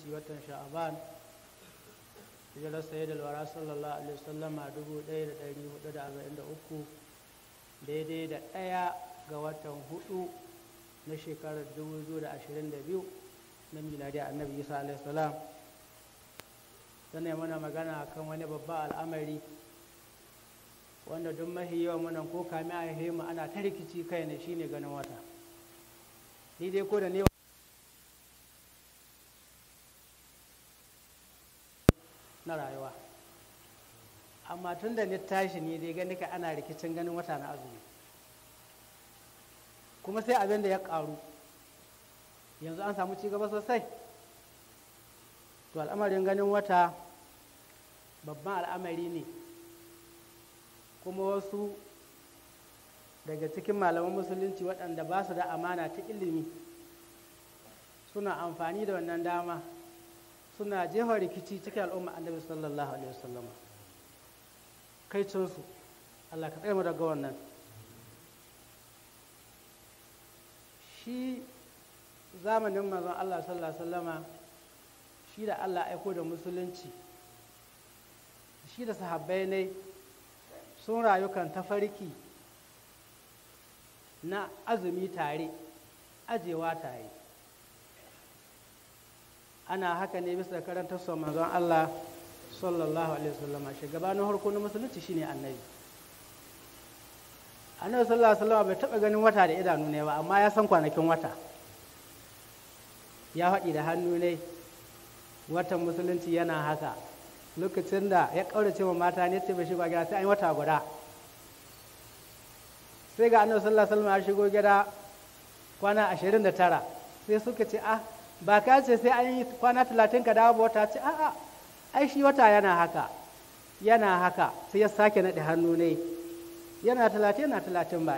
musulunci watan sha'aban hijirar da lura sallallahu alaihi wasallama 1443 daidai da ɗaya ga watan hudu na shekarar 2022 na miladi annabi isa alaihi salam sannan mana magana kan wani babban al'amari wanda duk mahi yawan munan ko kami a mu ana ta rikici kai ne shine ganin wata ni dai ko da ne na rayuwa amma tun da ni tashi ni dai gani ka ana rikicin ganin wata na azumi kuma sai abin da ya karu yanzu an samu cigaba sosai to al'amarin ganin wata babban al'amari ne kuma wasu daga cikin malaman musulunci waɗanda ba su da amana ta ilimi suna amfani da wannan dama suna jefa rikici cikin al'umma annabi sallallahu alaihi wasallam kai cinsu Allah ka tsaye mu daga wannan shi zamanin manzon Allah sallallahu alaihi wasallama shi da Allah aiko da musulunci shi da sahabbai ne sun rayukan tafarki na azumi tare ajewa tare ana haka ne bisa karanta su manzon Allah sallallahu alaihi wasallam shugabanin harko na musulunci shine annabi annabi sallallahu alaihi wasallam bai taba ganin wata da idanu ne ba amma ya san kwanakin wata ya faɗi da hannu ne watan musulunci yana haka lokacin da ya ƙaurace cewa mata ne ce bai shi ba gida sai an wata guda sai ga annabi sallallahu alaihi wasallam ya shigo gida kwana 29 sai suka ce ah ba ka ce sai an yi kwana talatin ka dawo wata ce a'a ai shi wata yana haka yana haka sai ya sake naɗe hannu ne yana talatin yana talatin ba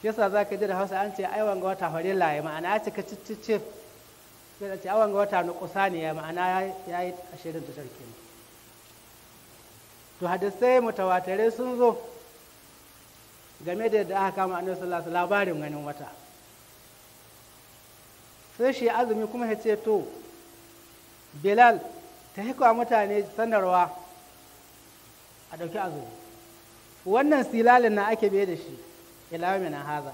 shi yasa za ka ji da hausa an ce ai wanga wata hore laye ma'ana ya cika ciccice sai ce ai wanga wata na kusa ne ma'ana ya yi ashirin da sarki to hadisai mutawatare sun zo game da yadda aka kama annabi sallallahu alaihi wasallam labarin ganin wata sai shi azumi kuma ya ce to bilal ta hikwa mutane sanarwa a ɗauki azumi wannan silalin na ake biye da shi ilami na haza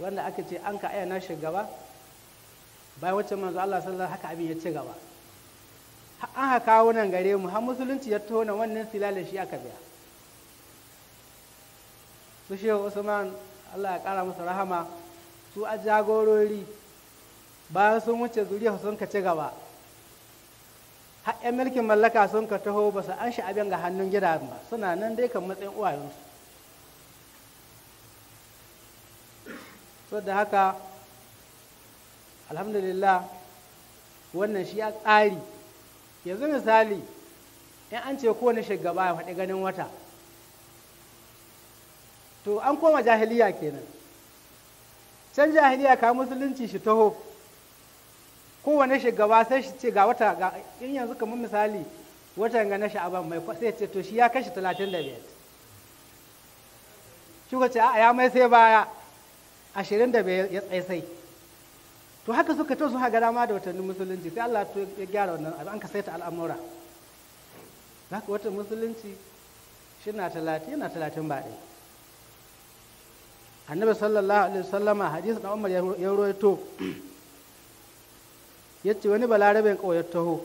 wanda aka ce an ka ayyana shi gaba bayan wacce manzo Allah sallallahu haka abin ya ci gaba an haka kawo gare mu har musulunci ya tona wannan silalin shi aka biya su shehu usman Allah ya kara masa rahama su a jagorori bayan sun wuce zuriya sun ka ci gaba har 'yan mulkin mallaka sun ka taho ba su an abin ga hannun gida ba suna nan dai kan matsayin uwayensu so da haka alhamdulillah wannan shi ya tsari yanzu misali in an ce kowane shugaba ya faɗi ganin wata to an koma jahiliya kenan can jahiliya ka musulunci shi taho kowane shugaba sai shi ce ga wata ga in yanzu kamar misali watan ga na sha'aban mai sai ce to shi ya kashi talatin da biyar shi ce a ya mai sai baya ashirin da biyar ya tsaisai to haka suka to su haga dama da watannin musulunci sai Allah ya gyara wannan an ka saita al'amura zaka watan musulunci shi na 30 yana talatin ba dai annabi sallallahu alaihi wasallama hadisi da umar ya ya yace wani balarabe ya taho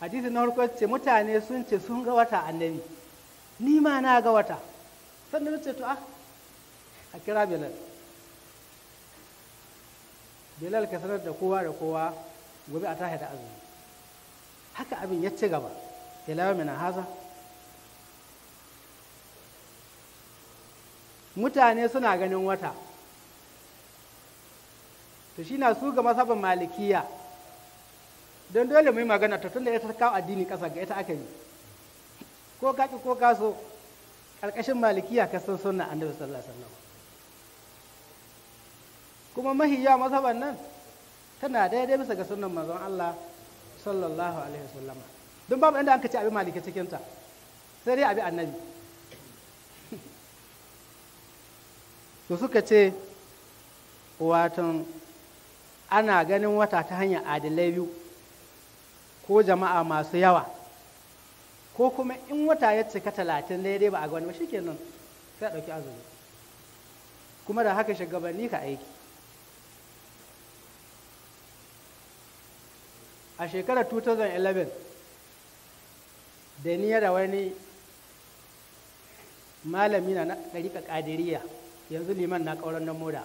hadisi na harkar ce mutane sun ce sun ga wata annabi ni ma na ga wata sannan ce to ah a kira bilal bilal ka sanar da kowa da kowa gobe a tahi da azumi haka abin ya ci gaba ila yau na haza mutane suna ganin wata to shi na su ga masaban malikiya don dole mu yi magana ta tunda ita ta kawo addini ƙasa ga ita aka yi ko ka ko ka so ƙarƙashin malikiya ka san sunna annabi sallallahu alaihi wasallam kuma mahiya masaban nan tana daidai bisa ga sunnan manzon Allah sallallahu alaihi wasallam don babu inda an ka ci abin maliki cikin ta sai dai abin annabi to suka ce watan ana ganin wata ta hanyar adalai biyu ko jama'a masu yawa ko kuma in wata ya cika talatin daidai ba a gani ba shikenan sai a ɗauki azumi kuma da haka shugabanni ka aiki a shekarar 2011 da ni da wani malami na ɗariƙa ƙadiriya yanzu liman na ƙauran nan moda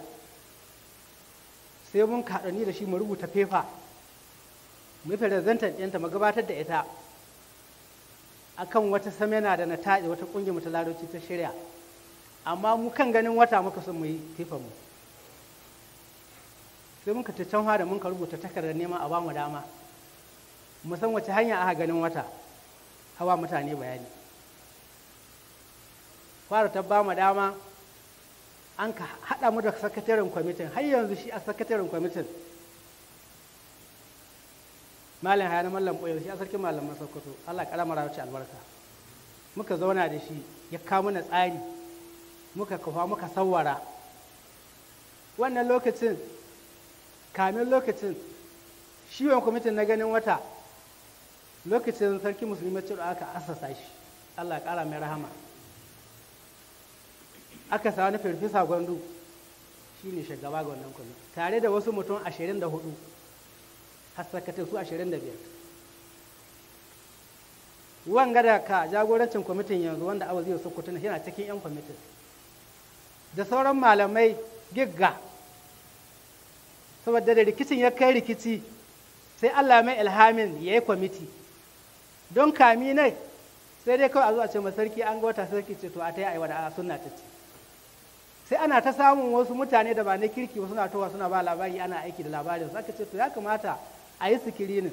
sai mun kaɗani da shi mu rubuta fefa mu presentan ɗinta mu gabatar da ita akan wata samena da na taɗe wata ƙungiyar ta larabci ta shirya amma mu kan ganin wata muka sun mu yi fefa mu sai muka ta can da mun ka rubuta takardar nema a bamu dama mu san wace hanya aka ganin wata hawa mutane bayani fara ta bamu dama an ka haɗa mu da sakataren kwamitin har yanzu shi a sakataren kwamitin malam haya na mallam ɓoyo shi a sarkin malam Sokoto. allah ƙara mara wuce albarka muka zauna da shi ya kawo mana tsari muka kafa muka sawara wannan lokacin kamin lokacin shi kwamitin na ganin wata lokacin sarki musulmi ce aka asasa shi allah ƙara mai rahama aka sa wani firfisa gwandu shi ne shagaba ga wannan kwallo tare da wasu mutum ashirin da hudu hassakatin su ashirin da biyar wanga da ka jagorancin kwamitin yanzu wanda abu zai sokoto yana cikin yan kwamitin da sauran malamai gigga saboda da rikicin ya kai rikici sai allah mai ilhamin ya yi kwamiti don kami ne sai dai kawai a zuwa ce masarki an ga wata sarki ce to a ta yi aiwa da a sunna ta ce sai ana ta samun wasu mutane da ba na kirki ba suna towa suna ba labari ana aiki da labarin su aka ce to ya kamata a yi sikirinin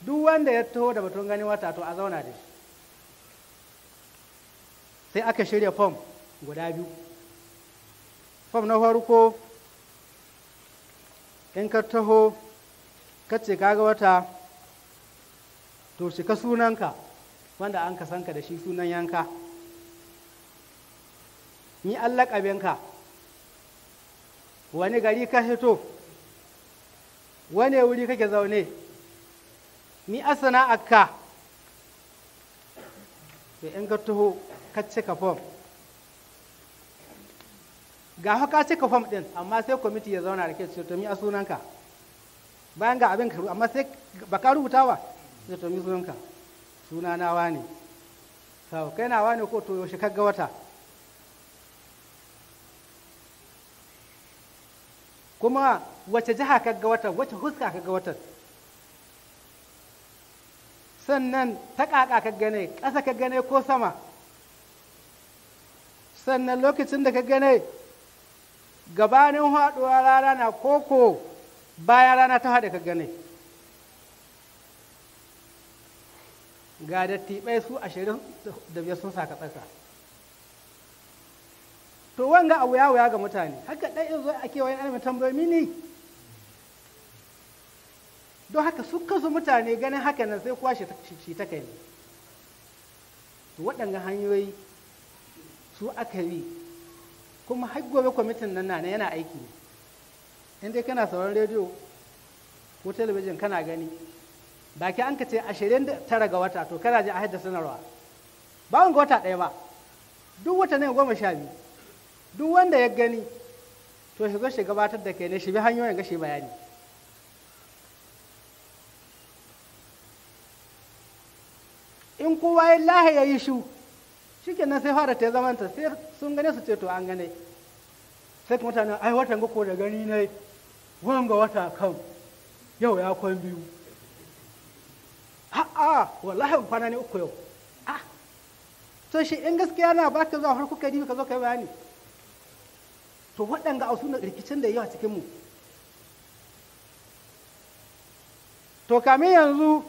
duk wanda ya taho da batun ganin wata to a zauna da shi sai aka shirya fom guda biyu fom na farko in ka taho ka ce kaga wata to ka sunanka wanda an ka sanka da shi sunan yanka ni an ka wani gari ka hito wani wuri kake zaune ni a sana'arka to in ka taho ka cika fom ga ka cika fom ɗin amma sai kwamiti ya zauna da ke ce to mi a sunanka bayan ga abin ka amma sai ba ka rubuta ba sai to mi sunanka ne wani kai na wani ko to yaushe ka ga wata kuma wace jiha ka ga watan wace huska ka ga watan sannan ta kaka ka gane ƙasa ka gane ko sama sannan lokacin da ka gane gabanin haɗuwa rana na koko baya rana ta haɗe ka gane ga dattibai su ashirin da biyar sun saka tsaka to wanga a ya wuya ga mutane haka ɗan zo a kewayen alamin tambayoyi ne don haka su kansu mutane ganin haka nan sai kwashe shi ta kai ne to waɗanga hanyoyi su aka yi kuma har gobe kwamitin nan na yana aiki ne in dai kana sauran rediyo ko talabijin kana gani baki an ka ce ashirin da tara ga wata to kana ji a haddasa sanarwa ba wanga wata ɗaya ba duk wata ne goma sha biyu duk wanda ya gani to shi shi gabatar da kai ne shi bi hanyoyin gashi bayani in kowa ya lahi ya yi shu shi nan sai fara ta zamanta sai sun gane su ce to an gane sai kuma mutane ai watan ko da gani ne wanga wata kan yau ya kwan biyu a'a wallahi kwana ne uku yau a ah. to shi in gaskiya na baka zuwa farko ka dibi ka zo ka yi bayani to waɗanga a suna rikicin da yawa cikinmu to kamin yanzu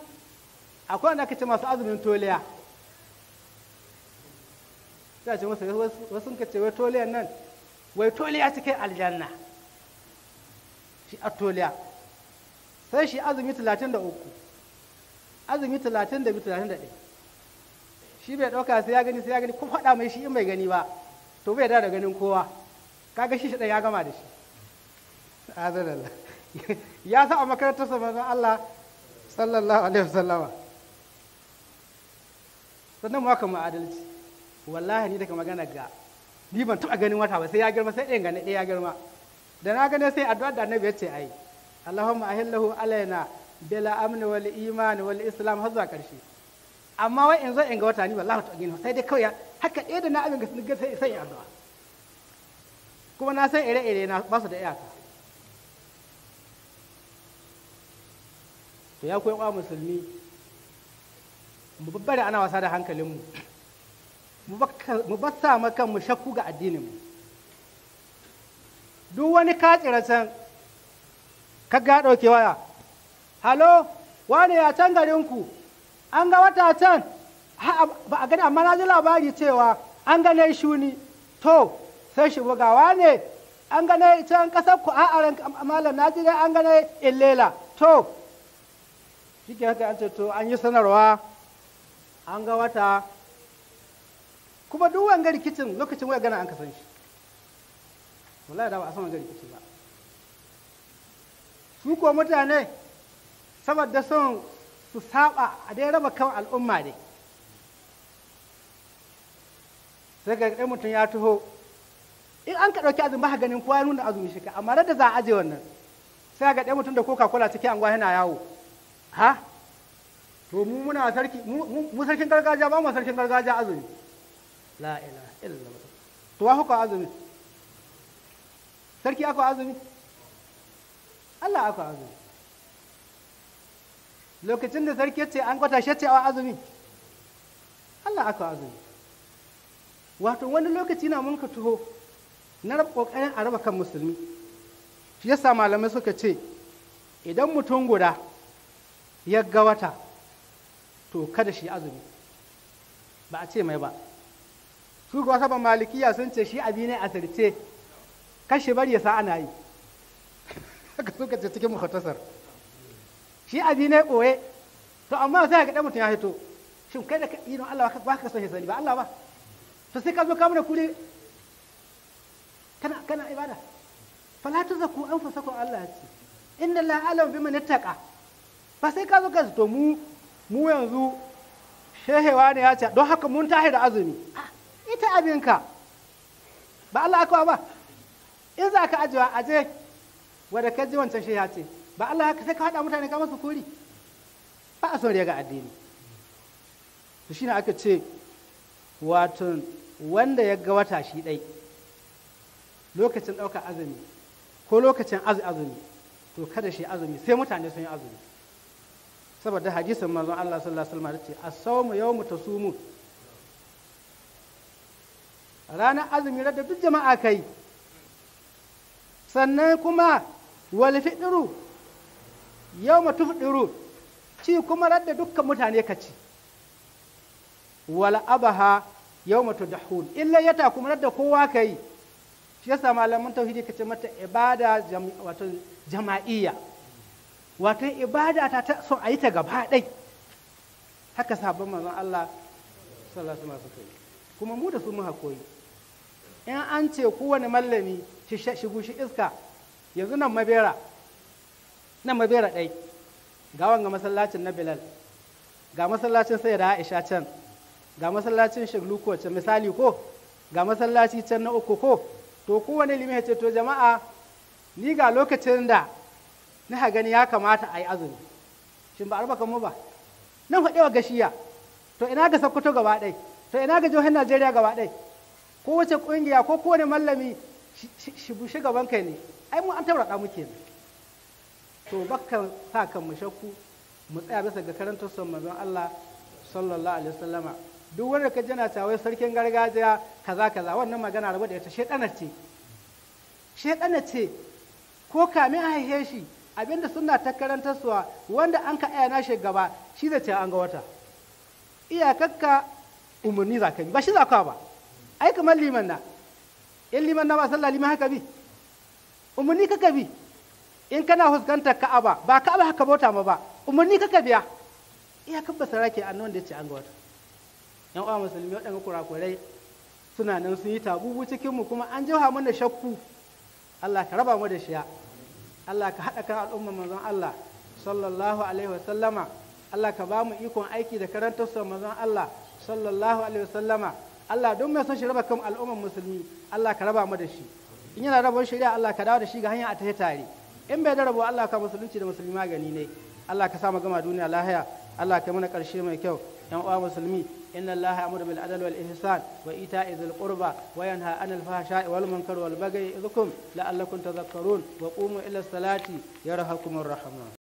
akwai wanda aka ce masu azumin toliya sai ce masa wasu ka ce wai toliyan nan wai toliya cikin aljanna shi a toliya sai shi azumi talatin da uku azumi talatin da biyu talatin da ɗaya shi bai ɗauka sai ya gani sai ya gani ko faɗa mai shi in bai gani ba to bai da ganin kowa kaga shi shaɗan ya gama da shi azanallah ya sa a makarantar sa manzon Allah sallallahu alaihi wasallama sannan mu haka mu adalci wallahi ni daga magana ga ni ban taɓa ganin wata ba sai ya girma sai ɗayan gane ɗaya ya girma da na gane sai addu'a da annabi yace ce ai Allahumma ahillahu alaina bila amni wal iman wal islam har zuwa ƙarshe amma wai in zo in ga wata ni wallahi ta gani sai dai kawai haka ɗaya da na abin ga sun ga sai sai addu'a kuma na san ire-ire na ba su da iyaka to ya koyi musulmi mu babba ana wasa da hankalinmu mu ba sa makan mu shakku ga addininmu duk wani katsira can ka ga ɗauke waya halo wane ya can garinku an ga wata can ba a gani amma na ji labari cewa an ganai shuni to sai shi bugawa ne an gane can kasar ku aran malam na ji dai an gane illela to shi haka an ce to an yi sanarwa an ga wata kuma duk wanga rikicin lokacin waya gana an kasan shi wallahi da ba a san wanga rikici ba su ko mutane saboda son su saba a dai raba kan al'umma ne sai ga mutum ya taho in an ka ɗauki azumi ba ganin kowa ya nuna azumi shi amma da za a aje wannan sai ga ɗaya mutum da koka cola cikin anguwa yana yawo ha to mu muna sarki mu sarkin gargajiya ba mu sarkin gargajiya azumi la ilaha illallah to wa hukwa azumi sarki akwa azumi Allah akwa azumi lokacin da sarki ce an kwata shi ce a azumi Allah akwa azumi wato wani lokaci na mun ka tuho na raba kokarin a raba kan musulmi shi yasa malamai suka ce idan mutum guda ya ga wata to kada shi azumi ba a ce mai ba su ga wasa malikiya sun ce shi abi ne a sirce kashi bari ya sa ana yi haka suka ce cikin muhtasar shi abi ne ɓoye to amma sai ga ɗan mutum ya hito shin kai da yi don Allah ba ka son ya sani ba Allah ba to sai ka zo ka mana kuri kana kana ibada fala tazaku anfusakum Allah ya ce inna la alam biman man ba sai ka zo ka to mu mu yanzu shehewa ne ya ce don haka mun tahi da azumi ita abinka ba Allah aka ba in za ka ajiwa aje wadda ka ji wancan ya ce ba Allah haka sai ka haɗa mutane ka masu kori ba a son ga addini to shine aka ce wato wanda ya ga wata shi ɗai lokacin ɗaukar azumi ko lokacin azumi to kada shi azumi sai mutane sun yi azumi saboda hadisin manzon Allah sallallahu alaihi wasallam ce mu yawmu tasumu ranar azumi da duk jama'a kai sannan kuma wal fitru yawma tufdiru ci kuma radda dukkan mutane ka ci wal abaha yawma tudhun illa yata kuma radda kowa kai shi yasa malaman tauhidi ka ce mata ibada wato jama'iyya wato ibada ta ta son a yi ta gaba ɗai haka sabon manzon Allah sallallahu alaihi wasallam kuma mu da su mun koyi. in an ce kowane mallami shigu shi iska yanzu nan mabera nan mabera ɗai ga wanga masallacin na bilal ga masallacin sai da aisha can ga masallacin shiglu ko misali ko ga masallaci can na uku ko to kowane limi ya ce to jama'a ni ga lokacin da na gani ya kamata a yi azumi shin ba arba mu ba nan wa gashiya to ina ga sokoto gaba ɗai to ina ga jihohin najeriya gaba ɗai ko wace ƙungiya ko kowane mallami shi bushe gaban kai ne ai mu an taura muke ne to bakkan sa kan mu shakku mu tsaya bisa ga karantar son manzon Allah sallallahu alaihi wasallama duk wanda ka jana cewa sarkin gargajiya kaza kaza wannan magana rabu da ita shedana ce shedana ce ko kamin a haihe shi abinda suna ta karantarsuwa wanda an ka aya na shi gaba shi zai ce an ga wata iyakakka umarni za ka bi ba shi za ka ba ai kamar liman na in liman na ba sallah liman haka bi umarni kaka bi in kana fuskantar ka'aba ba ka'aba haka bauta ma ba umarni kaka biya iyakar ba sarake annon da ya ce an ga wata yan uwa musulmi waɗanda kurakurai suna nan sun yi tabubu cikin mu kuma an jiha mana shakku Allah ka raba mu da shiya Allah ka haɗa kan al'umma manzon Allah sallallahu alaihi wa sallama Allah ka ba mu ikon aiki da karantar sa manzon Allah sallallahu alaihi wa sallama Allah don mai son shi raba kan al'ummar musulmi Allah ka raba mu da shi in yana rabon shari'a Allah ka dawo da shi ga hanya a ta tare in bai da rabo Allah ka musulunci da musulmi magani ne Allah ka sa mu gama duniya lahiya Allah ka mana karshe mai kyau yan uwa musulmi إن الله أمر بالعدل والإحسان وإيتاء ذي القربى وينهى عن الفحشاء والمنكر والبغي يعظكم لعلكم تذكرون وقوموا إلى الصلاة يرهكم الرحمن